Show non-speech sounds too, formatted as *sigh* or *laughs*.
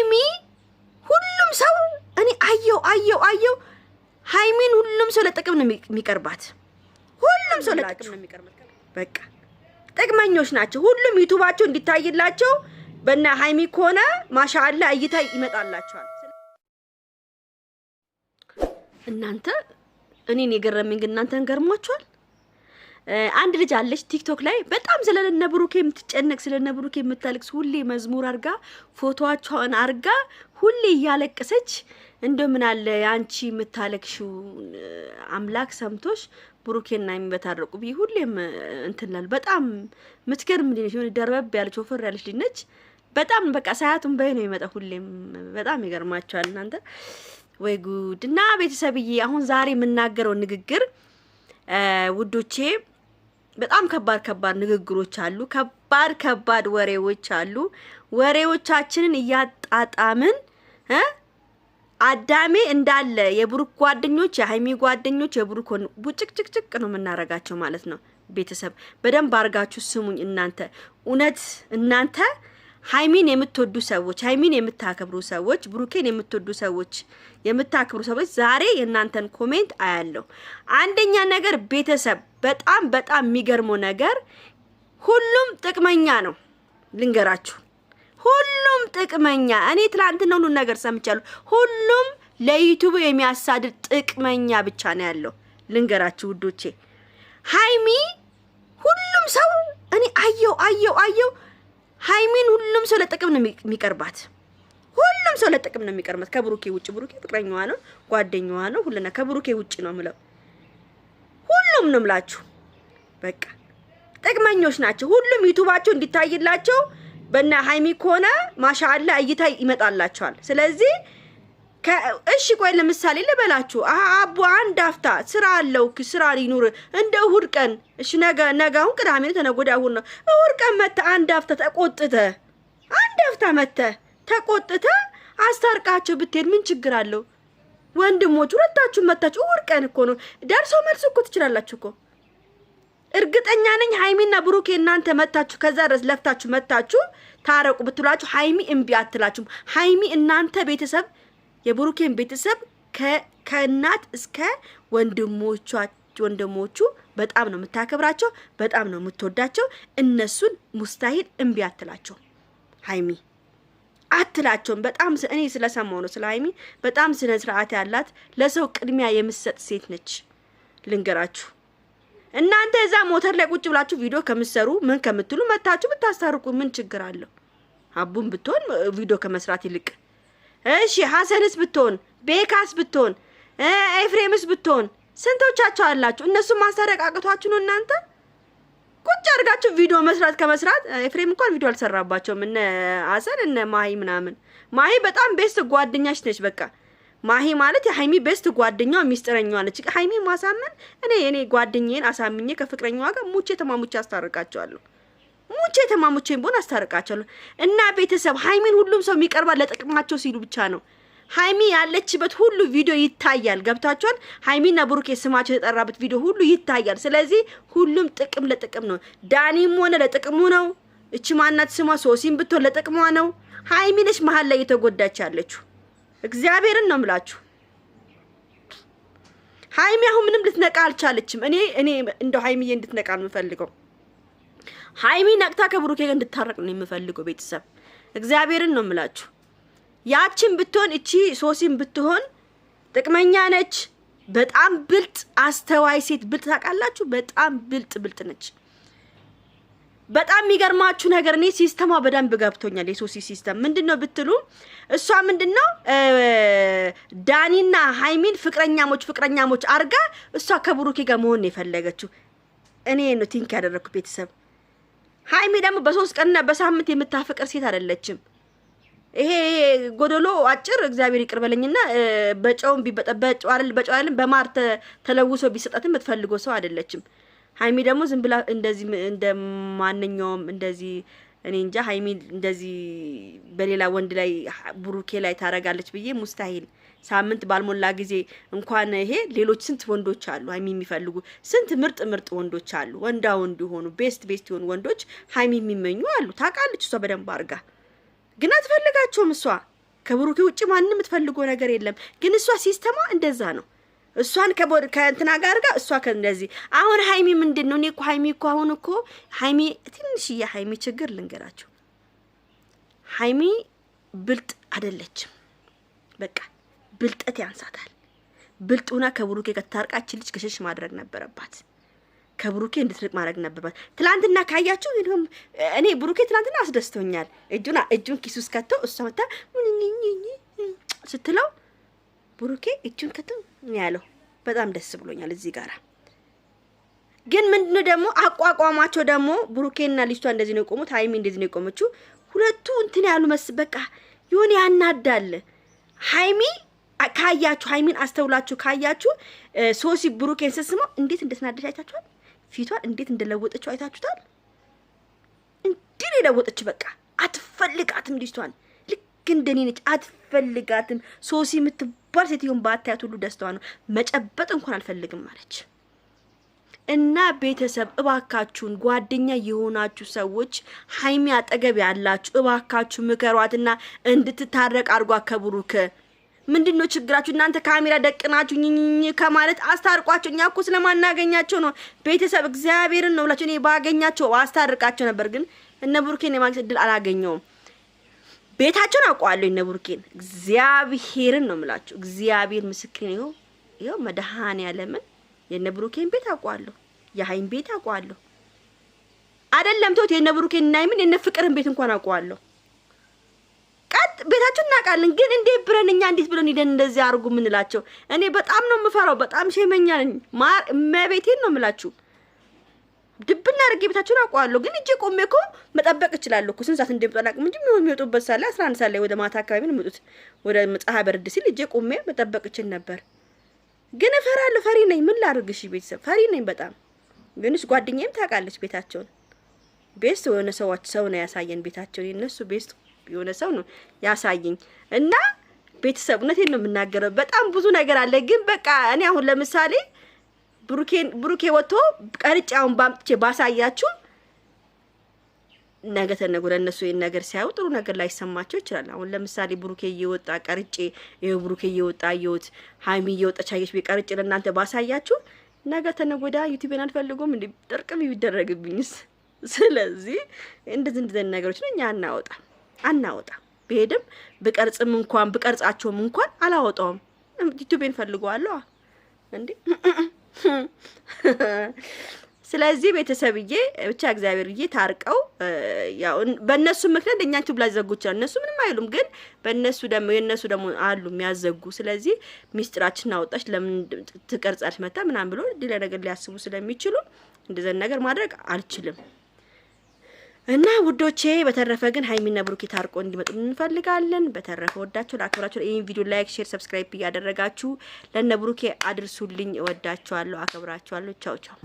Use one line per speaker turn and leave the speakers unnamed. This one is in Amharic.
ሀይሚ ሁሉም ሰው እኔ አየው አየው አየው ሀይሚን ሁሉም ሰው ለጥቅም ነው የሚቀርባት። ሁሉም ሰው ለጥቅም ነው የሚቀርባት። በቃ ጥቅመኞች ናቸው። ሁሉም ዩቱባቸው እንዲታይላቸው በእና ሀይሚ ከሆነ ማሻአላ እይታ ይመጣላቸዋል። እናንተ እኔን የገረመኝ ግን እናንተን ገርሟቸዋል። አንድ ልጅ አለች ቲክቶክ ላይ በጣም ስለነ ብሩኬ የምትጨነቅ ስለነ ብሩኬ የምታለቅስ ሁሌ መዝሙር አርጋ ፎቶዋቸውን አርጋ ሁሌ እያለቀሰች እንደ ምን አለ አንቺ የምታለቅሽው አምላክ ሰምቶሽ ብሩኬና የሚበታረቁ ብዬ ሁሌም እንትናል። በጣም ምትገርም ልጅ ነች። የሆነ ደርበብ ያለች ወፈር ያለች ልጅ ነች። በጣም በቃ ሳያቱን በይ ነው የሚመጣ ሁሌም በጣም ይገርማቸዋል እናንተ። ወይ ጉድ! እና ቤተሰብዬ አሁን ዛሬ የምናገረው ንግግር ውዶቼ በጣም ከባድ ከባድ ንግግሮች አሉ። ከባድ ከባድ ወሬዎች አሉ። ወሬዎቻችንን እያጣጣምን አዳሜ እንዳለ የብሩክ ጓደኞች፣ የሀይሚ ጓደኞች የብሩክ ወን ቡጭቅጭቅጭቅ ነው የምናረጋቸው ማለት ነው። ቤተሰብ በደንብ አድርጋችሁ ስሙኝ እናንተ እውነት እናንተ ሀይሚን የምትወዱ ሰዎች ሀይሚን የምታከብሩ ሰዎች ብሩኬን የምትወዱ ሰዎች የምታከብሩ ሰዎች ዛሬ የእናንተን ኮሜንት አያለሁ። አንደኛ ነገር ቤተሰብ በጣም በጣም የሚገርመው ነገር ሁሉም ጥቅመኛ ነው። ልንገራችሁ፣ ሁሉም ጥቅመኛ። እኔ ትላንትና ሁሉን ነገር ሰምቻለሁ። ሁሉም ለዩቱብ የሚያሳድድ ጥቅመኛ ብቻ ነው ያለው። ልንገራችሁ ውዶቼ ሀይሚ ሁሉም ሰው እኔ አየው አየው አየው ሀይሚን ሁሉም ሰው ለጥቅም ነው የሚቀርባት። ሁሉም ሰው ለጥቅም ነው የሚቀርባት ከብሩኬ ውጭ። ብሩኬ ፍቅረኛዋ ነው፣ ጓደኛዋ ነው፣ ሁሉና ከብሩኬ ውጭ ነው ምለው። ሁሉም ነው ምላችሁ በቃ ጥቅመኞች ናቸው። ሁሉም ዩቱባቸው እንዲታይላቸው በእነ ሀይሚ ከሆነ ማሻአላ እይታ ይመጣላቸዋል። ስለዚህ እሺ ቆይ ለምሳሌ ልበላችሁ። አቡ አንድ አፍታ ስራ አለው ስራ ሊኑር እንደ እሁድ ቀን እሺ፣ ነገ ነገ አሁን ቅዳሜ ነው፣ ተነገ ወዲያ እሁድ ነው። እሁድ ቀን መተህ አንድ አፍታ ተቆጥተ አንድ አፍታ መተህ ተቆጥተ አስታርቃቸው ብትሄድ ምን ችግር አለው? ወንድሞች ሁለታችሁ መታችሁ እሁድ ቀን እኮ ነው ደርሶ መልስ እኮ ትችላላችሁ እኮ። እርግጠኛ ነኝ ሀይሚና ብሩኬ እናንተ መታችሁ ከዛ ድረስ ለፍታችሁ መታችሁ ታረቁ ብትሏችሁ ሀይሚ እምቢ አትላችሁም። ሀይሚ እናንተ ቤተሰብ የብሩኬን ቤተሰብ ከእናት እስከ ወንድሞቿ ወንድሞቹ በጣም ነው የምታከብራቸው፣ በጣም ነው የምትወዳቸው። እነሱን ሙስታሂል እምቢ አትላቸው ሀይሚ አትላቸውም። በጣም እኔ ስለሰማው ነው ስለ ሀይሚ በጣም ስነ ስርዓት ያላት ለሰው ቅድሚያ የምትሰጥ ሴት ነች። ልንገራችሁ እናንተ እዛ ሞተር ላይ ቁጭ ብላችሁ ቪዲዮ ከምትሰሩ ምን ከምትሉ መታችሁ ብታስታርቁ ምን ችግር አለው? አቡን ብትሆን ቪዲዮ ከመስራት ይልቅ እሺ ሀሰንስ ብትሆን ቤካስ ብትሆን ኤፍሬምስ ብትሆን ስንቶቻቸው አላችሁ? እነሱ ማስታረቅ አቅቷችሁ ነው እናንተ ቁጭ አድርጋችሁ ቪዲዮ መስራት ከመስራት። ኤፍሬም እንኳን ቪዲዮ አልሰራባቸውም። እነ ሀሰን እነ ማሂ ምናምን። ማሂ በጣም ቤስት ጓደኛች ነች። በቃ ማሂ ማለት የሀይሚ ቤስት ጓደኛዋ ሚስጥረኛዋ ነች። ሀይሚ ማሳመን እኔ እኔ ጓደኛዬን አሳምኜ ከፍቅረኛዋ ጋር ሙቼ ተማሙቼ አስታርቃቸዋለሁ። ሙቼ ተማሙቼን ቦን አስታርቃቸው እና ቤተሰብ ሀይሚን ሁሉም ሰው የሚቀርባ ለጥቅማቸው ሲሉ ብቻ ነው። ሀይሚ ያለችበት ሁሉ ቪዲዮ ይታያል። ገብታችኋል? ሀይሚና ብሩኬ ስማቸው የተጠራበት ቪዲዮ ሁሉ ይታያል። ስለዚህ ሁሉም ጥቅም ለጥቅም ነው። ዳኒም ሆነ ለጥቅሙ ነው። እቺ ማናት ስሟ ሶሲም ብትሆን ለጥቅሟ ነው። ሀይሚ ነች መሀል ላይ የተጎዳች ያለችው። እግዚአብሔርን ነው ምላችሁ። ሀይሚ አሁን ምንም ልትነቃ አልቻለችም። እኔ እኔ እንደው ሀይሚዬ እንድትነቃ ነው የምፈልገው። ሀይሚ ነቅታ ከብሩኬ ጋር እንድታረቅ ነው የምፈልገው። ቤተሰብ እግዚአብሔርን ነው የምላችሁ። ያችን ብትሆን እቺ ሶሲም ብትሆን ጥቅመኛ ነች። በጣም ብልጥ አስተዋይ ሴት ብልጥ፣ ታውቃላችሁ፣ በጣም ብልጥ ብልጥ ነች። በጣም የሚገርማችሁ ነገር እኔ ሲስተማ በደንብ ገብቶኛል። የሶሲ ሲስተም ምንድን ነው ብትሉ እሷ ምንድን ነው ዳኒና ሀይሚን ፍቅረኛሞች ፍቅረኛሞች አርጋ እሷ ከብሩኬ ጋር መሆን የፈለገችው። እኔ ነው ቲንክ ያደረግኩ ቤተሰብ ሀይሚ ደግሞ በሶስት ቀንና በሳምንት የምታፈቅር ሴት አይደለችም። ይሄ ጎደሎ አጭር እግዚአብሔር ይቅርበልኝና በጨውም በጨው አይደለም በማር ተለውሶ ቢሰጣትም የምትፈልገው ሰው አይደለችም። ሀይሚ ደግሞ ዝም ብላ እንደዚህ እንደ ማንኛውም እንደዚህ እኔ እንጃ ሀይሚ እንደዚህ በሌላ ወንድ ላይ ቡሩኬ ላይ ታረጋለች ብዬ ሙስታሂል። ሳምንት ባልሞላ ጊዜ እንኳን ይሄ ሌሎች ስንት ወንዶች አሉ ሀይሚ የሚፈልጉ ስንት ምርጥ ምርጥ ወንዶች አሉ። ወንዳ ወንድ የሆኑ ቤስት ቤስት የሆኑ ወንዶች ሀይሚ የሚመኙ አሉ። ታውቃለች እሷ በደንብ አርጋ ግን አትፈልጋቸውም። እሷ ከብሩኬ ውጭ ማንም የምትፈልገው ነገር የለም። ግን እሷ ሲስተማ እንደዛ ነው። እሷን ከእንትና ጋር ጋር እሷ ከእንደዚህ አሁን ሀይሚ ምንድን ነው? እኔ እኮ ሀይሚ እኮ አሁን እኮ ሀይሚ ትንሽዬ ሀይሚ ችግር ልንገራቸው፣ ሀይሚ ብልጥ አይደለችም። በቃ ብልጠት ያንሳታል። ብልጥ ሁና ከብሩኬ ከታርቃችን ልጅ ከሸሽ ማድረግ ነበረባት። ከብሩኬ እንድትርቅ ማድረግ ነበረባት። ትላንትና ካያችሁ ይሁን እኔ ብሩኬ ትላንትና አስደስቶኛል። እጁና እጁን ኪሱስ ከቶ እሷ መታ ስትለው ብሩኬ እጁን ከትም ያለው በጣም ደስ ብሎኛል። እዚህ ጋር ግን ምንድነው ደግሞ አቋቋማቸው ደግሞ ብሩኬና ልጅቷ እንደዚህ ነው የቆሙት፣ ሀይሚ እንደዚህ ነው የቆመችው። ሁለቱ እንትን ያሉ መስ በቃ የሆነ ያናዳል። ሀይሚ ካያችሁ ሀይሚን አስተውላችሁ ካያችሁ ሶሲ ብሩኬን ስስመው እንዴት እንደተናደደች አይታችኋል። ፊቷን እንዴት እንደለወጠችው አይታችሁታል። እንዲህ የለወጠች በቃ አትፈልጋትም ልጅቷን ግን ደኔ ነች፣ አትፈልጋትም። ሶሲ የምትባል ሴትዮን ባታያት ሁሉ ደስታዋ ነው። መጨበጥ እንኳን አልፈልግም አለች። እና ቤተሰብ እባካችሁን ጓደኛ የሆናችሁ ሰዎች ሀይሚ አጠገብ ያላችሁ እባካችሁ ምከሯትና እንድትታረቅ አድርጓ ከብሩክ ምንድን ነው ችግራችሁ? እናንተ ካሜራ ደቅናችሁ ኝኝኝ ከማለት አስታርቋቸው። እኛ እኮ ስለማናገኛቸው ነው ቤተሰብ እግዚአብሔርን ነው ብላቸው። እኔ ባገኛቸው አስታርቃቸው ነበር፣ ግን እነ ብሩኬን የማግኘት እድል አላገኘውም። ቤታቸውን አውቀዋለሁ እነ ቡርኬን እግዚአብሔርን ነው የምላቸው። እግዚአብሔር ምስክሬን ይኸው ይኸው መድኃኔዓለምን የእነ ቡርኬን ቤት አውቀዋለሁ፣ የሀይን ቤት አውቀዋለሁ። አይደለም ተውት፣ የእነ ቡርኬን እና ሀይሚን የእነ ፍቅርን ቤት እንኳን አውቀዋለሁ። ቀጥ ቤታቸው እናውቃለን። ግን እንዴት ብለን እኛ እንዴት ብለን ሄደን እንደዚህ አድርጉ የምንላቸው? እኔ በጣም ነው የምፈራው። በጣም ሸመኛ ነኝ። ማር እመቤቴን ነው የምላችሁ። ድብና አድርጌ ቤታቸውን አውቀዋለሁ። ግን እጄ ቆሜ እኮ መጠበቅ እችላለሁ እኮ ስንት ሰዓት እንደሚጠላቅ እንጂ የሚወጡበት ሳለ አስራ አንድ ሳለ ወደ ማታ አካባቢ ነው የሚወጡት። ወደ ፀሐይ በርድ ሲል እጄ ቆሜ መጠበቅ እችል ነበር። ግን እፈራለሁ። ፈሪ ነኝ። ምን ላድርግሽ? ቤተሰብ ፈሪ ነኝ በጣም ግን ግንሽ ጓደኛዬም ታውቃለች ቤታቸውን። ቤስት የሆነ ሰዎች ሰው ነው ያሳየን ቤታቸውን። የነሱ ቤስት የሆነ ሰው ነው ያሳየኝ እና ቤተሰብ እውነቴን ነው የምናገረው። በጣም ብዙ ነገር አለ። ግን በቃ እኔ አሁን ለምሳሌ ብሩኬን ብሩኬ ወጥቶ ቀርጫውን ባምጥቼ ባሳያችሁ ነገ ተነገ ወዲያ እነሱ ይህን ነገር ሲያዩ ጥሩ ነገር ላይሰማቸው ይችላል። አሁን ለምሳሌ ብሩኬ እየወጣ ቀርጬ ይኸው ብሩኬ እየወጣ አየሁት፣ ሀይሚ እየወጣች አየች፣ ቀርጬ ለእናንተ ባሳያችሁ ነገ ተነገ ወዲያ ዩቲዩብን አልፈልጉም እንዲ ጥርቅም ይደረግብኝስ። ስለዚህ እንደዚህ እንደዚህ ነገሮች ነው እኛ አናወጣ አናወጣ ብሄድም ብቀርጽም እንኳን ብቀርጻቸውም እንኳን አላወጣውም። ዩቲዩብን ፈልገዋለሁ እንዴ *laughs* ስለዚህ ቤተሰብዬ ብቻ እግዚአብሔርዬ ታርቀው በእነሱ ምክንያት እኛን ዩቲዩብ ላይዘጉ ይችላል። እነሱ ምንም አይሉም፣ ግን በእነሱ ደግሞ የእነሱ ደግሞ አሉ የሚያዘጉ። ስለዚህ ሚስጢራችን አወጣች ለምን ትቀርጻለች መታ ምናምን ብሎ ሌላ ነገር ሊያስቡ ስለሚችሉ እንደዘን ነገር ማድረግ አልችልም። እና ውዶቼ በተረፈ ግን ሀይሚና ብሩኬ ታርቆ እንዲመጡ እንፈልጋለን። በተረፈ ወዳችሁ ለአከብራችሁ ይህን ቪዲዮ ላይክ፣ ሼር፣ ሰብስክራይብ እያደረጋችሁ ለነ ብሩኬ አድርሱልኝ። እወዳችኋለሁ፣ አከብራችኋለሁ። ቻው ቻው።